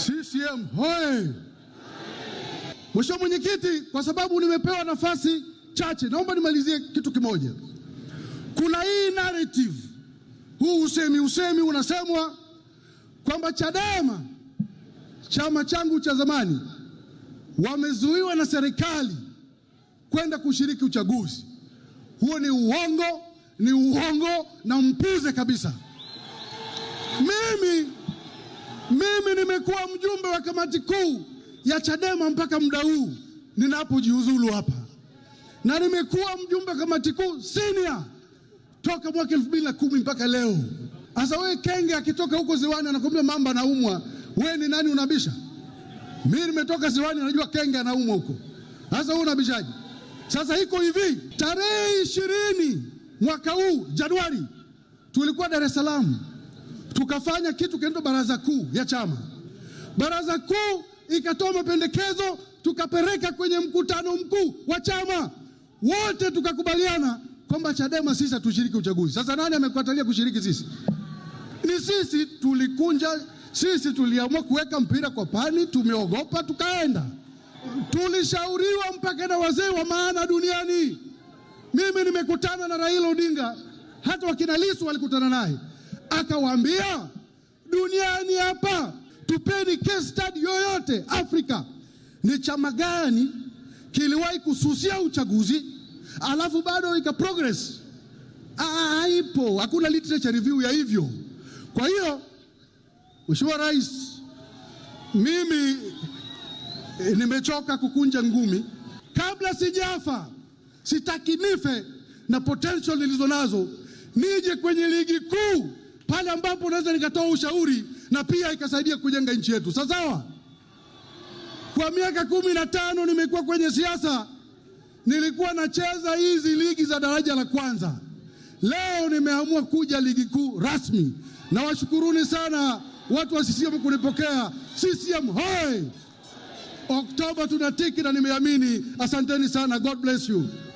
CCM hoi. Mheshimiwa Mwenyekiti, kwa sababu nimepewa nafasi chache, naomba nimalizie kitu kimoja. Kuna hii narrative, huu usemi usemi unasemwa kwamba Chadema, chama changu cha zamani, wamezuiwa na serikali kwenda kushiriki uchaguzi. Huo ni uongo, ni uongo na mpuze kabisa. Mimi nimekuwa mjumbe wa kamati kuu ya Chadema mpaka muda huu ninapojiuzulu hapa, na nimekuwa mjumbe wa kamati kuu senior toka mwaka elfu mbili na kumi mpaka leo. Sasa wewe kenge akitoka huko ziwani anakuambia mamba anaumwa, wewe ni nani unabisha? Mimi nimetoka ziwani, najua kenge anaumwa huko. Sasa wewe unabishaje? Sasa iko hivi, tarehe ishirini mwaka huu Januari tulikuwa Dar es Salaam tukafanya kitu kinaitwa baraza kuu ya chama. Baraza kuu ikatoa mapendekezo, tukapeleka kwenye mkutano mkuu wa chama, wote tukakubaliana kwamba Chadema sisi hatushiriki uchaguzi. Sasa nani amekatalia kushiriki? Sisi ni sisi, tulikunja sisi, tuliamua kuweka mpira kwa pani, tumeogopa tukaenda, tulishauriwa mpaka na wazee wa maana duniani. Mimi nimekutana na Raila Odinga, hata wakina walikutana naye akawaambia duniani hapa, tupeni case study yoyote Afrika, ni chama gani kiliwahi kususia uchaguzi alafu bado ika progress? Haipo, hakuna literature review ya hivyo. Kwa hiyo Mheshimiwa Rais, mimi e, nimechoka kukunja ngumi. Kabla sijafa, sitaki nife na potential nilizo nazo, nije kwenye ligi kuu pale ambapo naweza nikatoa ushauri na pia ikasaidia kujenga nchi yetu. Sawa. Kwa miaka kumi na tano nimekuwa kwenye siasa, nilikuwa nacheza hizi ligi za daraja la kwanza. Leo nimeamua kuja ligi kuu rasmi. Nawashukuruni sana watu wa CCM kunipokea. CCM hoi! Oktoba tunatiki na nimeamini. Asanteni sana, God bless you.